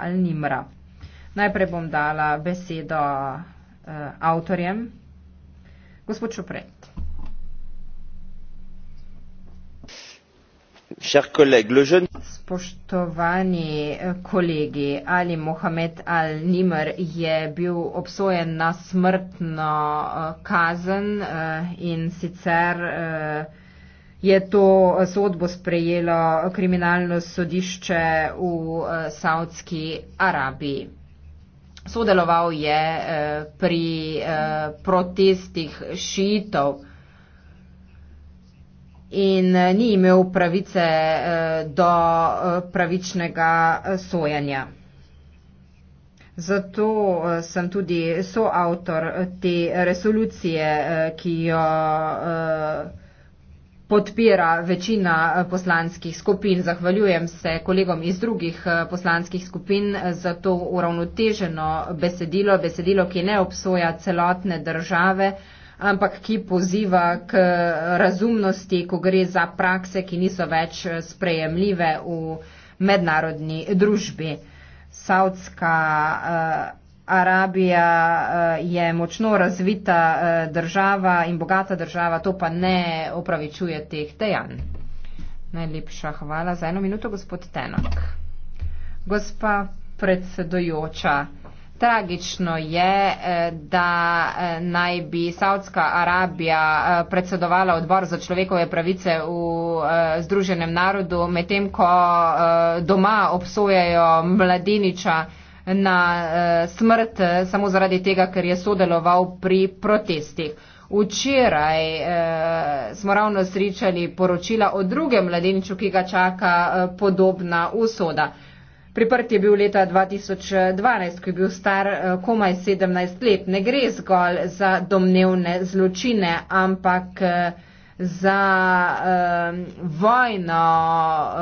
ali Nimra. Najprej bom dala besedo eh, avtorjem. Gospod Šupret. Spoštovani eh, kolegi, ali Mohamed Al-Nimr je bil obsojen na smrtno eh, kazen eh, in sicer je to sodbo sprejelo kriminalno sodišče v eh, Saudski Arabiji. Sodeloval je eh, pri eh, protestih šitov in ni imel pravice do pravičnega sojanja. Zato sem tudi soavtor te resolucije, ki jo podpira večina eh, poslanskih skupin. Zahvaljujem se kolegom iz drugih eh, poslanskih skupin za to uravnoteženo besedilo, besedilo, ki ne obsoja celotne države, ampak ki poziva k razumnosti, ko gre za prakse, ki niso več eh, sprejemljive v mednarodni družbi. Saudska uh, Arabija eh, je močno razvita eh, država in bogata država, to pa ne opravičuje teh dejanj. Najlepša hvala za eno minuto, gospod Tenak. Gospa predsedojoča, tragično je, eh, da naj bi Saudska Arabija predsedovala odbor za človekove pravice v Združenem narodu, medtem ko doma obsojajo mladiniča, na uh, smrt eh, samo zaradi tega, ker je sodeloval pri protestih. Včeraj uh, smo ravno sričali poročila o drugem mladeniču, ki ga čaka uh, podobna usoda. Priprt je bil leta 2012, ko je bil star komaj 17 let. Ne gre zgolj za domnevne zločine, ampak za um, vojno uh,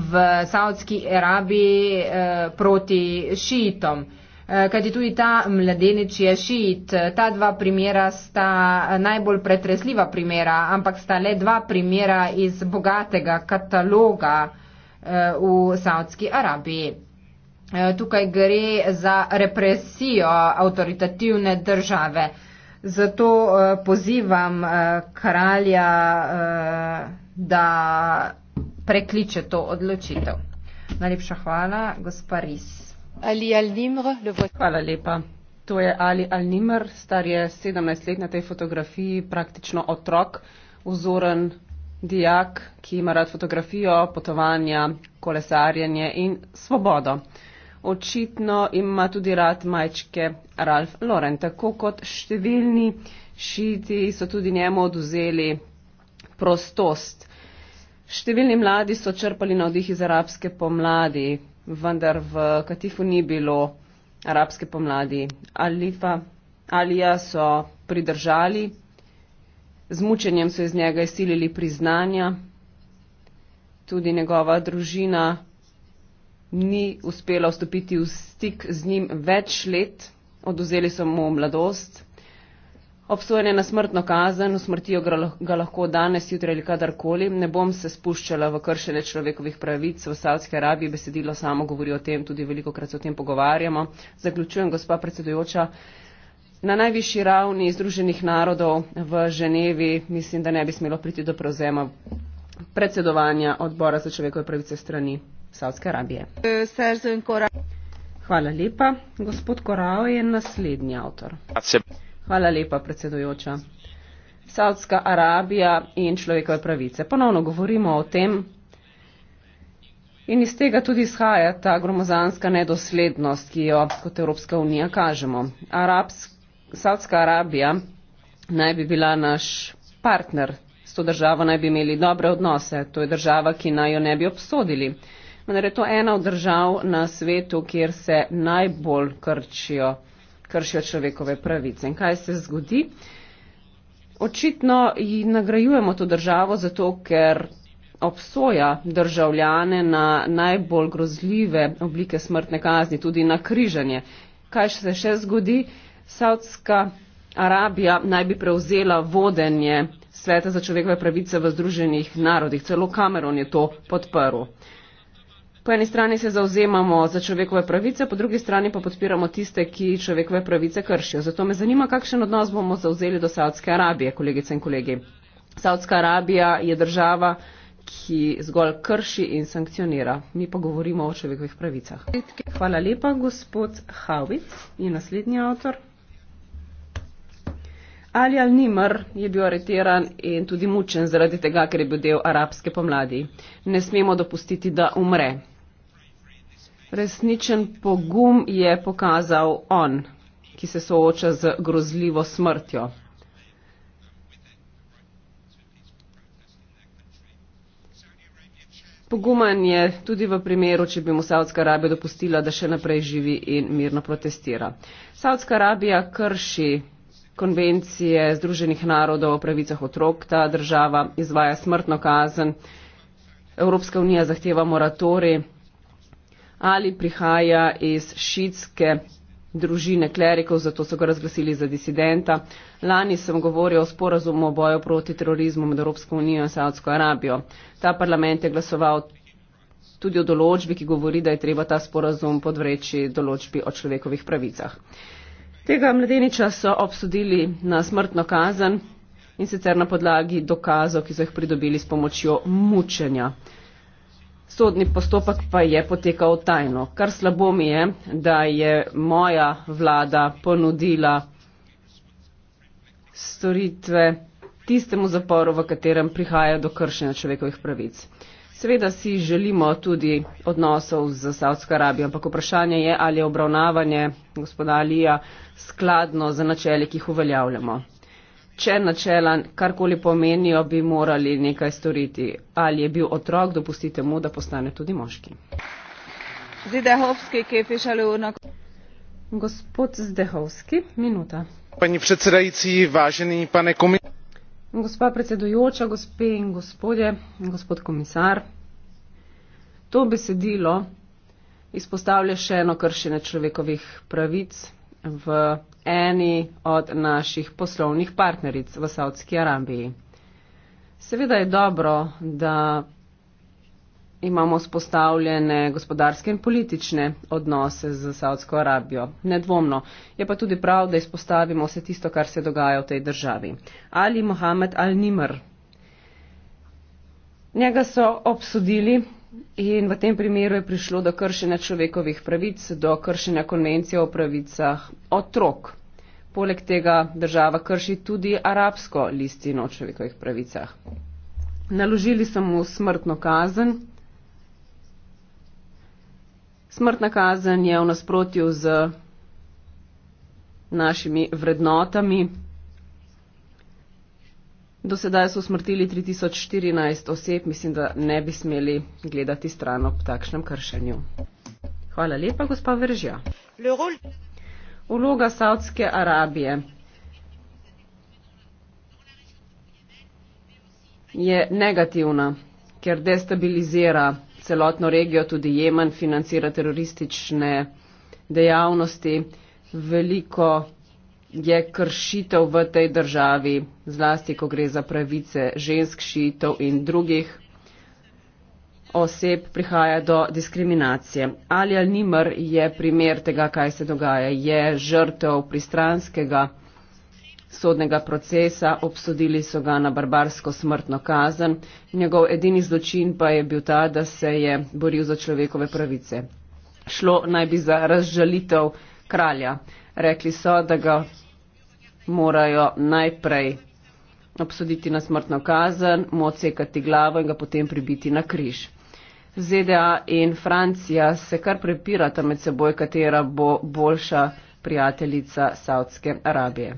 v Saudski Arabiji uh, proti šitom. Eh, kajti tudi ta mladenič je šit. Ta dva primera sta najbolj pretresljiva primera, ampak sta le dva primera iz bogatega kataloga v Saudski Arabiji. Tukaj gre za represijo avtoritativne države. Zato eh, pozivam eh, kralja, eh, da prekliče to odločitev. Najlepša hvala, gospod Ris. Hvala lepa. To je Ali Alnimr, star je 17 let na tej fotografiji, praktično otrok, vzoren dijak, ki ima rad fotografijo, potovanja, kolesarjenje in svobodo očitno ima tudi rad majčke Ralph Lauren. Tako kot številni šiti so tudi njemu oduzeli prostost. Številni mladi so črpali na vdih iz arabske pomladi, vendar v Katifu ni bilo arabske pomladi. Alifa Alija so pridržali, z mučenjem so iz njega izsilili priznanja. Tudi njegova družina ni uspelo vstopiti v stik z njim več let, oduzeli so mu mladost. Obsojen je na smrtno kazen, usmrtijo ga lahko danes, jutri ali kadarkoli. Ne bom se spuščala v kršene človekovih pravic v Saudski Arabiji, besedilo samo govori o tem, tudi veliko krat se o tem pogovarjamo. Zaključujem, gospa predsedujoča, na najvišji ravni Združenih narodov v Ženevi mislim, da ne bi smelo priti do prevzema predsedovanja odbora za človekove pravice strani Saudske Arabije. Hvala lepa. Gospod Korao je naslednji avtor. Hvala lepa, predsedujoča. Saudska Arabija in človekove pravice. Ponovno govorimo o tem in iz tega tudi izhaja ta gromozanska nedoslednost, ki jo kot Evropska unija kažemo. Saudska Arabija naj bi bila naš partner, s to državo naj bi imeli dobre odnose, to je država, ki naj jo ne bi obsodili vendar je to ena od držav na svetu, kjer se najbolj krčijo, kršijo človekove pravice. In kaj se zgodi? Očitno ji nagrajujemo to državo zato, ker obsoja državljane na najbolj grozljive oblike smrtne kazni, tudi na križanje. Kaj se še zgodi? Saudska Arabija naj bi prevzela vodenje Sveta za človekove pravice v Združenih narodih. Celo Cameron je to podprl. Po eni strani se zauzemamo za človekove pravice, po drugi strani pa podpiramo tiste, ki človekove pravice kršijo. Zato me zanima, kakšen odnos bomo zauzeli do Saudske Arabije, kolegice in kolegi. Saudska Arabija je država, ki zgolj krši in sankcionira. Mi pa govorimo o človekovih pravicah. Hvala lepa, gospod Havic je naslednji avtor. Ali Al-Nimr je bil aretiran in tudi mučen zaradi tega, ker je bil del arabske pomladi. Ne smemo dopustiti, da umre. Resničen pogum je pokazal on, ki se sooča z grozljivo smrtjo. Poguman je tudi v primeru, če bi mu Saudska Arabija dopustila, da še naprej živi in mirno protestira. Saudska Arabija krši konvencije Združenih narodov o pravicah otrok, ta država izvaja smrtno kazen, Evropska unija zahteva moratorij ali prihaja iz šitske družine klerikov, zato so ga razglasili za disidenta. Lani sem govoril o sporazumu o boju proti terorizmu med Evropsko unijo in Saudsko Arabijo. Ta parlament je glasoval tudi o določbi, ki govori, da je treba ta sporazum podvreči določbi o človekovih pravicah. Tega mladeniča so obsodili na smrtno kazen in sicer na podlagi dokazov, ki so jih pridobili s pomočjo mučenja. Sodni postopek pa je potekal tajno, kar slabo mi je, da je moja vlada ponudila storitve tistemu zaporu, v katerem prihaja do kršenja človekovih pravic. Seveda si želimo tudi odnosov z Saudsko Arabijo, ampak vprašanje je, ali je obravnavanje gospoda Alija skladno z načeli, ki jih uveljavljamo če načela karkoli pomenijo, bi morali nekaj storiti. Ali je bil otrok, dopustite mu, da postane tudi moški. Zidehovski, ki je pišal urnok. Gospod Zdehovski, minuta. Pani predsedajci, važeni pane komisar. Gospa predsedujoča, gospe in gospodje, gospod komisar. To besedilo izpostavlja še eno kršenje človekovih pravic v eni od naših poslovnih partneric v Saudski Arabiji. Seveda je dobro, da imamo spostavljene gospodarske in politične odnose z Saudsko Arabijo. Nedvomno je pa tudi prav, da izpostavimo vse tisto, kar se dogaja v tej državi. Ali Mohamed Al-Nimr. Njega so obsodili In v tem primeru je prišlo do kršenja človekovih pravic, do kršenja konvencije o pravicah otrok. Poleg tega država krši tudi arabsko listino o človekovih pravicah. Naložili so mu smrtno kazen. Smrtna kazen je v nasprotju z našimi vrednotami. Do sedaj so smrtili 3014 oseb, mislim, da ne bi smeli gledati stran ob takšnem kršenju. Hvala lepa, gospa Veržja. Uloga Saudske Arabije je negativna, ker destabilizira celotno regijo, tudi Jemen financira teroristične dejavnosti, veliko je kršitev v tej državi, zlasti ko gre za pravice žensk, šitev in drugih oseb, prihaja do diskriminacije. Ali Al-Nimr je primer tega, kaj se dogaja, je žrtev pristranskega sodnega procesa, obsodili so ga na barbarsko smrtno kazen, njegov edini zločin pa je bil ta, da se je boril za človekove pravice. Šlo naj bi za razžalitev kralja. Rekli so, da ga morajo najprej obsoditi na smrtno kazen, mu odsekati glavo in ga potem pribiti na križ. ZDA in Francija se kar prepirata med seboj, katera bo boljša prijateljica Saudske Arabije.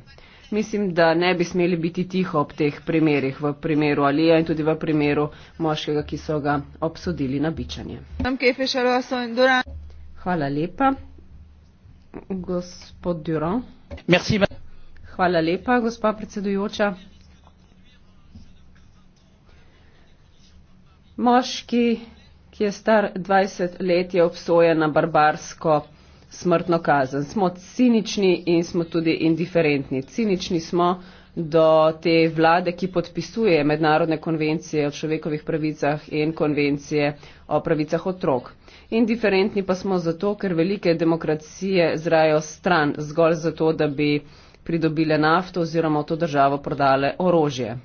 Mislim, da ne bi smeli biti tiho ob teh primerih, v primeru Alija in tudi v primeru moškega, ki so ga obsodili na bičanje. Hvala lepa. Gospod Duro. Merci. Hvala lepa, gospa predsedujoča. Moški, ki je star 20 let, je obsojen na barbarsko smrtno kazen. Smo cinični in smo tudi indiferentni. Cinični smo do te vlade, ki podpisuje mednarodne konvencije o človekovih pravicah in konvencije o pravicah otrok indiferentni pa smo zato, ker velike demokracije zrajo stran zgolj zato, da bi pridobile nafto oziroma v to državo prodale orožje.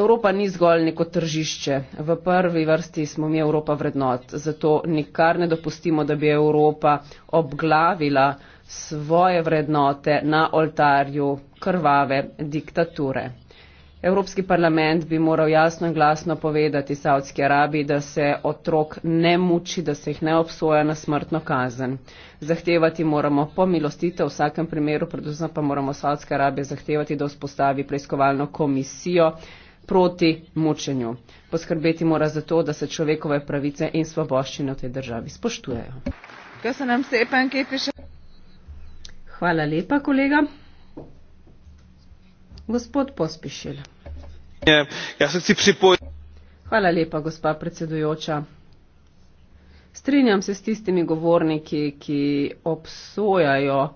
Evropa ni zgolj neko tržišče. V prvi vrsti smo mi Evropa vrednot, zato nikar ne dopustimo, da bi Evropa obglavila svoje vrednote na oltarju krvave diktature. Evropski parlament bi moral jasno in glasno povedati Saudski Arabiji, da se otrok ne muči, da se jih ne obsoja na smrtno kazen. Zahtevati moramo pomilostitev v vsakem primeru, predvsem pa moramo Saudske Arabije zahtevati, da vzpostavi preiskovalno komisijo proti mučenju. Poskrbeti mora za to, da se človekove pravice in svoboščine v tej državi spoštujejo. Hvala lepa, kolega. Gospod Pospišil. Ja, Hvala lepa, gospa predsedujoča. Strinjam se s tistimi govorniki, ki obsojajo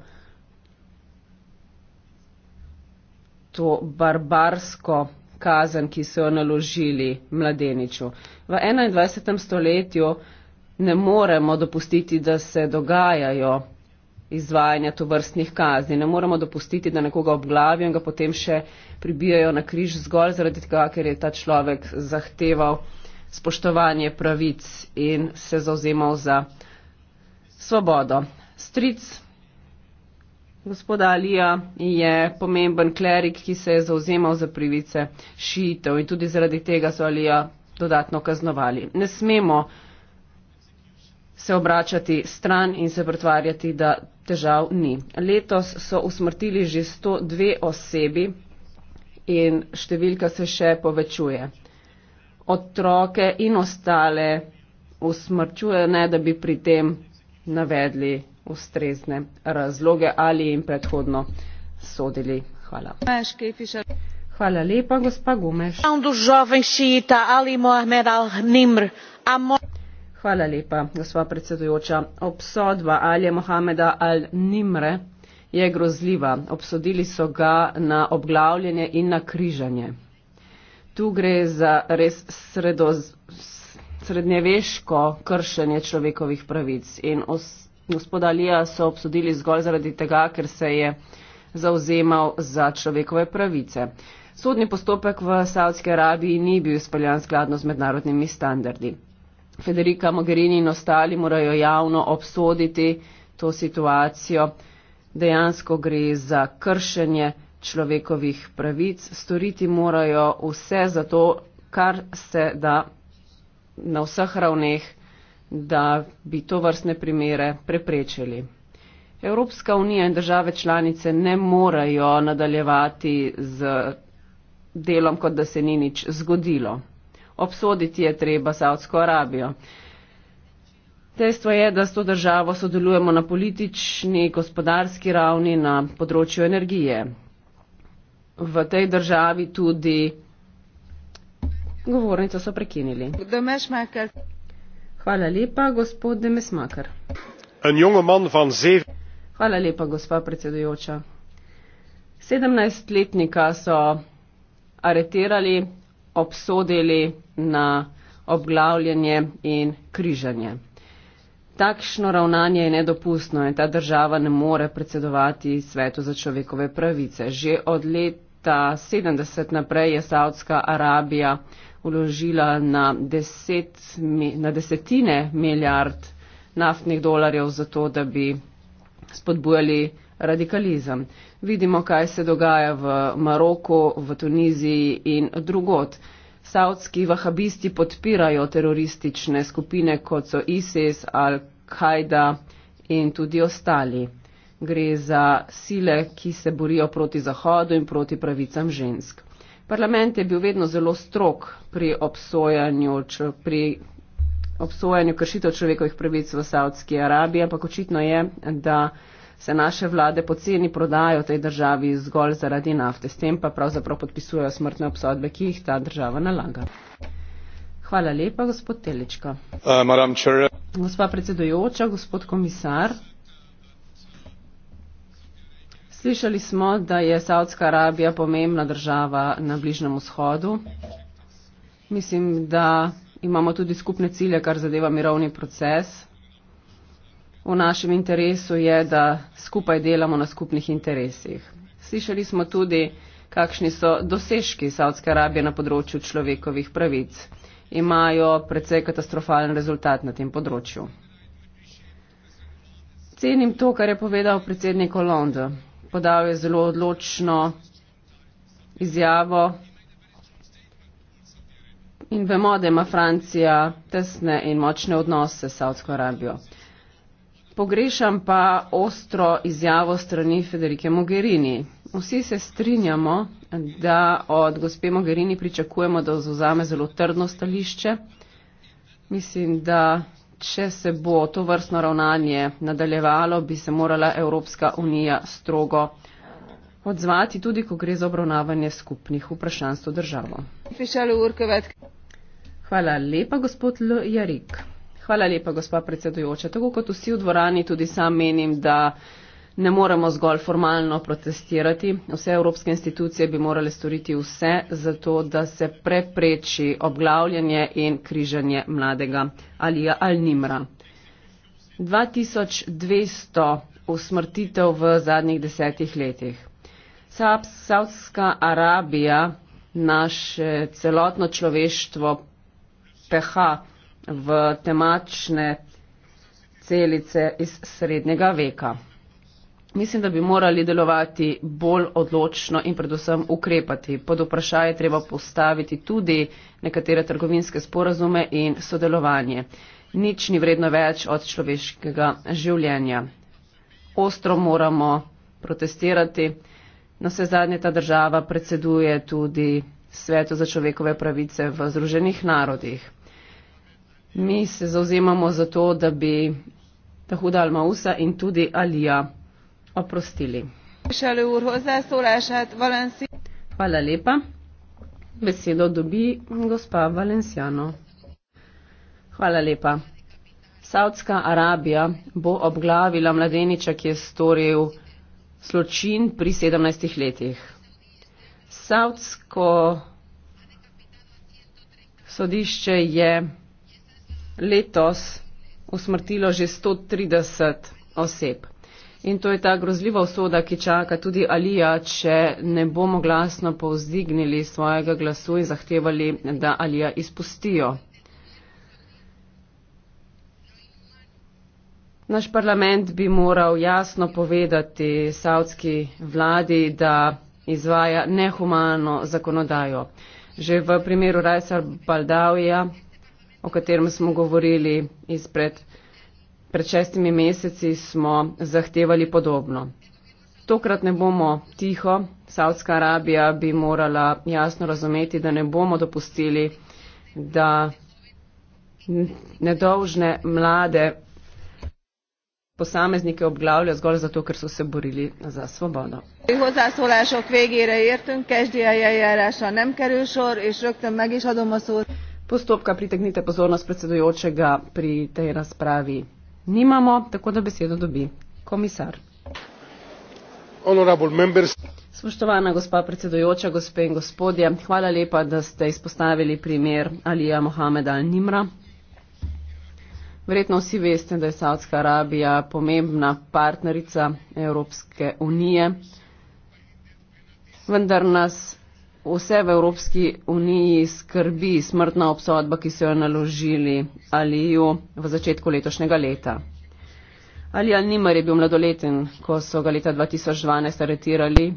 to barbarsko kazen, ki so jo naložili mladeniču. V 21. stoletju ne moremo dopustiti, da se dogajajo izvajanja to vrstnih kazni. Ne moremo dopustiti, da nekoga obglavijo in ga potem še pribijajo na križ zgolj zaradi tega, ker je ta človek zahteval spoštovanje pravic in se zauzemal za svobodo. Stric gospoda Alija je pomemben klerik, ki se je zauzemal za pravice šitev in tudi zaradi tega so Alija dodatno kaznovali. Ne smemo se obračati stran in se pretvarjati, da težav ni. Letos so usmrtili že 102 osebi in številka se še povečuje. Otroke in ostale usmrčuje, ne da bi pri tem navedli ustrezne razloge ali jim predhodno sodili. Hvala. Hvala lepa, gospa Gumeš. Um Hvala lepa, gospa predsedujoča. Obsodba Alije Mohameda Al-Nimre je grozljiva. Obsodili so ga na obglavljanje in na križanje. Tu gre za res srednjeveško kršenje človekovih pravic in gospoda Alija so obsodili zgolj zaradi tega, ker se je zauzemal za človekove pravice. Sodni postopek v Saudski Arabiji ni bil speljan skladno z mednarodnimi standardi. Federika Mogherini in ostali morajo javno obsoditi to situacijo. Dejansko gre za kršenje človekovih pravic. Storiti morajo vse za to, kar se da na vseh ravneh, da bi to vrstne primere preprečili. Evropska unija in države članice ne morajo nadaljevati z delom, kot da se ni nič zgodilo obsoditi je treba Saudsko Arabijo. Dejstvo je, da s to državo sodelujemo na politični, gospodarski ravni, na področju energije. V tej državi tudi govornico so prekinili. Hvala lepa, gospod Demesmaker. Hvala lepa, gospa predsedujoča. 17-letnika so aretirali, obsodili na obglavljanje in križanje. Takšno ravnanje je nedopustno in ta država ne more predsedovati svetu za človekove pravice. Že od leta 70 naprej je Saudska Arabija uložila na, deset, na desetine milijard naftnih dolarjev za to, da bi spodbujali radikalizem. Vidimo, kaj se dogaja v Maroku, v Tuniziji in drugot. Saudski vahabisti podpirajo teroristične skupine, kot so ISIS, Al-Qaida in tudi ostali. Gre za sile, ki se borijo proti Zahodu in proti pravicam žensk. Parlament je bil vedno zelo strok pri obsojanju, pri obsojanju kršitev človekovih pravic v Saudski Arabiji, ampak očitno je, da se naše vlade poceni prodajo tej državi zgolj zaradi nafte, s tem pa pravzaprav podpisujejo smrtne obsodbe, ki jih ta država nalaga. Hvala lepa, gospod Telečko. Uh, Gospa predsedujoča, gospod komisar. Slišali smo, da je Saudska Arabija pomembna država na Bližnem vzhodu. Mislim, da imamo tudi skupne cilje, kar zadeva mirovni proces, v našem interesu je, da skupaj delamo na skupnih interesih. Slišali smo tudi, kakšni so dosežki Saudske Arabije na področju človekovih pravic. Imajo precej katastrofalen rezultat na tem področju. Cenim to, kar je povedal predsednik Hollande. Podal je zelo odločno izjavo in vemo, da ima Francija tesne in močne odnose s Saudsko Arabijo. Pogrešam pa ostro izjavo strani Federike Mogherini. Vsi se strinjamo, da od gospe Mogherini pričakujemo, da zauzame zelo trdno stališče. Mislim, da če se bo to vrstno ravnanje nadaljevalo, bi se morala Evropska unija strogo odzvati tudi, ko gre za obravnavanje skupnih vprašanj s to državo. Hvala lepa, gospod L. Jarik. Hvala lepa, gospa predsedujoča. Tako kot vsi v dvorani, tudi sam menim, da ne moremo zgolj formalno protestirati. Vse evropske institucije bi morale storiti vse za to, da se prepreči obglavljanje in križanje mladega Alija Alnimra. 2200 usmrtitev v zadnjih desetih letih. Saudska Arabija naše celotno človeštvo peha v temačne celice iz srednjega veka. Mislim, da bi morali delovati bolj odločno in predvsem ukrepati. Pod vprašanje treba postaviti tudi nekatere trgovinske sporazume in sodelovanje. Nič ni vredno več od človeškega življenja. Ostro moramo protestirati. Na vse zadnje ta država predseduje tudi svetu za človekove pravice v Združenih narodih. Mi se zauzemamo za to, da bi Tahuda Almausa in tudi Alija oprostili. Hvala lepa. Besedo dobi gospa Valenciano. Hvala lepa. Saudska Arabija bo obglavila mladeniča, ki je storil zločin pri 17 letih. Saudsko sodišče je letos usmrtilo že 130 oseb. In to je ta grozljiva usoda, ki čaka tudi Alija, če ne bomo glasno povzdignili svojega glasu in zahtevali, da Alija izpustijo. Naš parlament bi moral jasno povedati savdski vladi, da izvaja nehumano zakonodajo. Že v primeru Rajsar Baldavija o katerem smo govorili izpred pred šestimi meseci, smo zahtevali podobno. Tokrat ne bomo tiho, Saudska Arabija bi morala jasno razumeti, da ne bomo dopustili, da nedolžne mlade posameznike obglavlja zgolj zato, ker so se borili za svobodo. Hozzászólások végére értünk, kezdje eljárása nem kerül sor, és rögtön meg is adom a szót postopka pritegnite pozornost predsedujočega pri tej razpravi. Nimamo, tako da besedo dobi komisar. Spoštovana gospa predsedujoča, gospe in gospodje, hvala lepa, da ste izpostavili primer Alija Mohameda Al-Nimra. Verjetno vsi veste, da je Saudska Arabija pomembna partnerica Evropske unije, vendar nas vse v Evropski uniji skrbi smrtna obsodba, ki so jo naložili Aliju v začetku letošnjega leta. Ali Animar je bil mladoleten, ko so ga leta 2012 aretirali,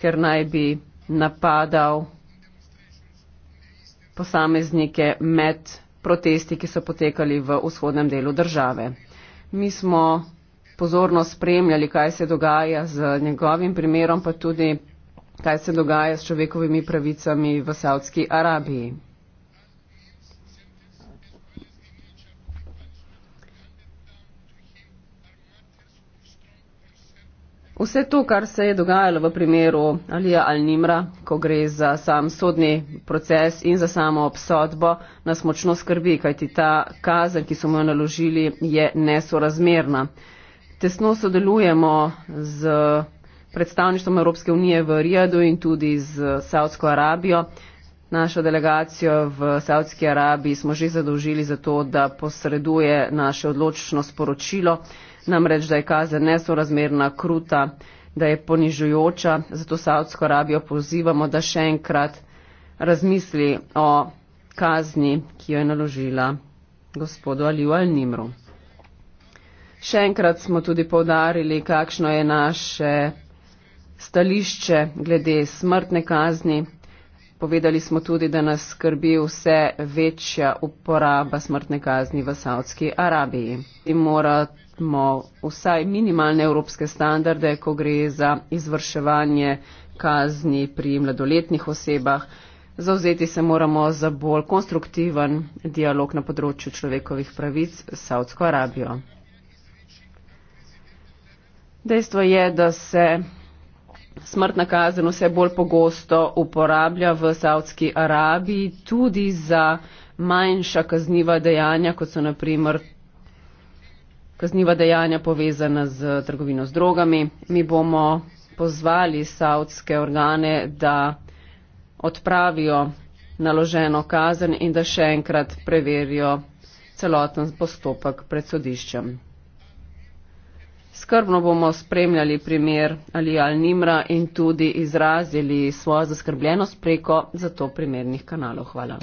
ker naj bi napadal posameznike med protesti, ki so potekali v vzhodnem delu države. Mi smo pozorno spremljali, kaj se dogaja z njegovim primerom, pa tudi kaj se dogaja s človekovimi pravicami v Saudski Arabiji. Vse to, kar se je dogajalo v primeru Alija Al-Nimra, ko gre za sam sodni proces in za samo obsodbo, nas močno skrbi, kajti ta kazen, ki so mu jo naložili, je nesorazmerna. Tesno sodelujemo z predstavništvom Evropske unije v Rijadu in tudi z eh, Saudsko Arabijo. Našo delegacijo v Saudski Arabiji smo že zadolžili za to, da posreduje naše odločno sporočilo, namreč da je kazen nesorazmerna, kruta, da je ponižujoča. Zato Saudsko Arabijo pozivamo, da še enkrat razmisli o kazni, ki jo je naložila gospodu Aliju Alnimru. Še enkrat smo tudi povdarili, kakšno je naše stališče glede smrtne kazni. Povedali smo tudi, da nas skrbi vse večja uporaba smrtne kazni v Saudski Arabiji. In moramo vsaj minimalne evropske standarde, ko gre za izvrševanje kazni pri mladoletnih osebah. Zauzeti se moramo za bolj konstruktiven dialog na področju človekovih pravic s Saudsko Arabijo. Dejstvo je, da se smrtna kazen vse bolj pogosto uporablja v Saudski Arabiji tudi za manjša kazniva dejanja, kot so naprimer kazniva dejanja povezana z trgovino z drogami. Mi bomo pozvali saudske organe, da odpravijo naloženo kazen in da še enkrat preverijo celoten postopek pred sodiščem. Skrbno bomo spremljali primer Alijal Nimra in tudi izrazili svojo zaskrbljenost preko za to primernih kanalov. Hvala.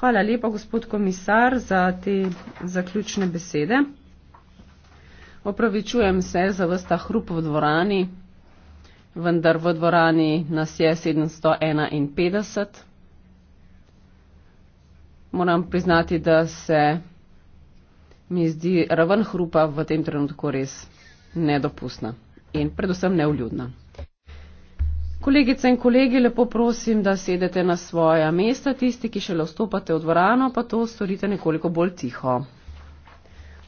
Hvala lepa, gospod komisar, za te zaključne besede. Opravičujem se za vsta hrup v dvorani, vendar v dvorani nas je 751. Moram priznati, da se mi zdi raven hrupa v tem trenutku res nedopustna in predvsem neuljudna. Kolegice in kolegi, lepo prosim, da sedete na svoja mesta, tisti, ki šele vstopate v dvorano, pa to storite nekoliko bolj tiho.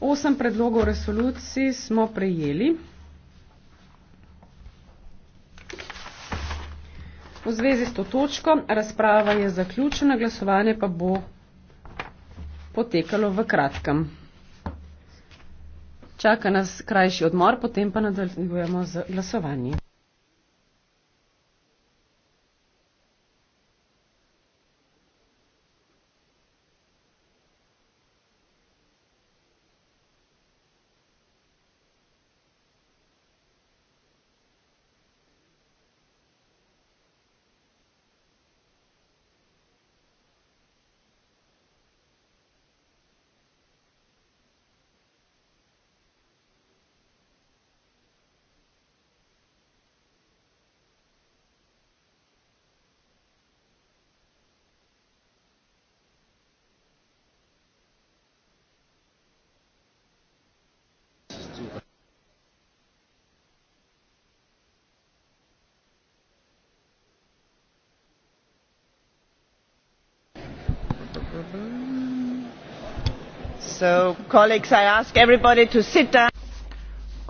Osem predlogov resolucij smo prejeli. V zvezi s to točko razprava je zaključena, glasovanje pa bo potekalo v kratkem. Čaka nas krajši odmor, potem pa nadaljujemo z glasovanjem.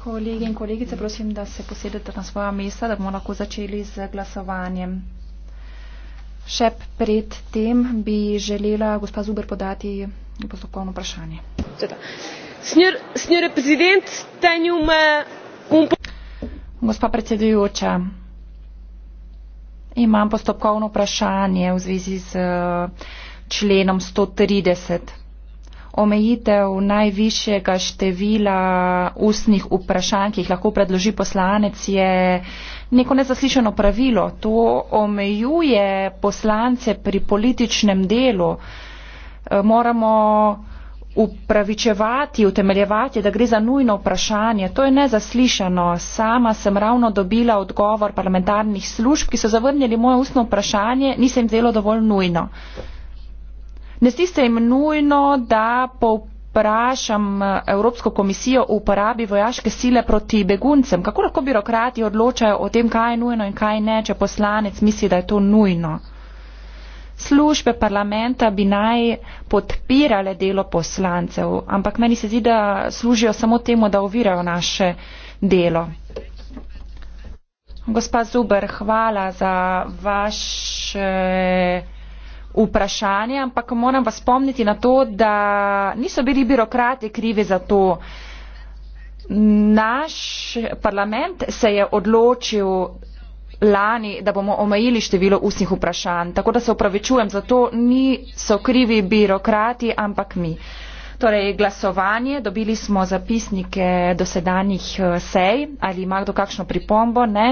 Kolegi in kolegice, prosim, da se posedete na svoja mesta, da bomo lahko začeli z glasovanjem. Še pred tem bi želela gospa Zuber podati postopkovno vprašanje. Senjor, senjor prezident, tenjum, um... Gospa predsedujoča, imam postopkovno vprašanje v zvezi z eh, členom 130 omejitev najvišjega števila ustnih vprašanj, ki jih lahko predloži poslanec, je neko nezaslišeno pravilo. To omejuje poslance pri političnem delu. E, moramo upravičevati, utemeljevati, da gre za nujno vprašanje. To je nezaslišano. Sama sem ravno dobila odgovor parlamentarnih služb, ki so zavrnili moje ustno vprašanje, nisem delo dovolj nujno. Ne zdi se jim nujno, da povprašam eh, Evropsko komisijo o uporabi vojaške sile proti beguncem. Kako lahko birokrati odločajo o tem, kaj je nujno in kaj ne, če poslanec misli, da je to nujno? Službe parlamenta bi naj podpirale delo poslancev, ampak meni se zdi, da služijo samo temu, da ovirajo naše delo. Gospa Zuber, hvala za vaše. Eh, vprašanje, ampak moram vas spomniti na to, da niso bili birokrati krivi za to. Naš parlament se je odločil lani, da bomo omejili število usnih vprašanj. Tako da se upravičujem za to, ni so krivi birokrati, ampak mi. Torej, glasovanje, dobili smo zapisnike dosedanjih eh, sej. Ali ima kdo kakšno pripombo? Ne.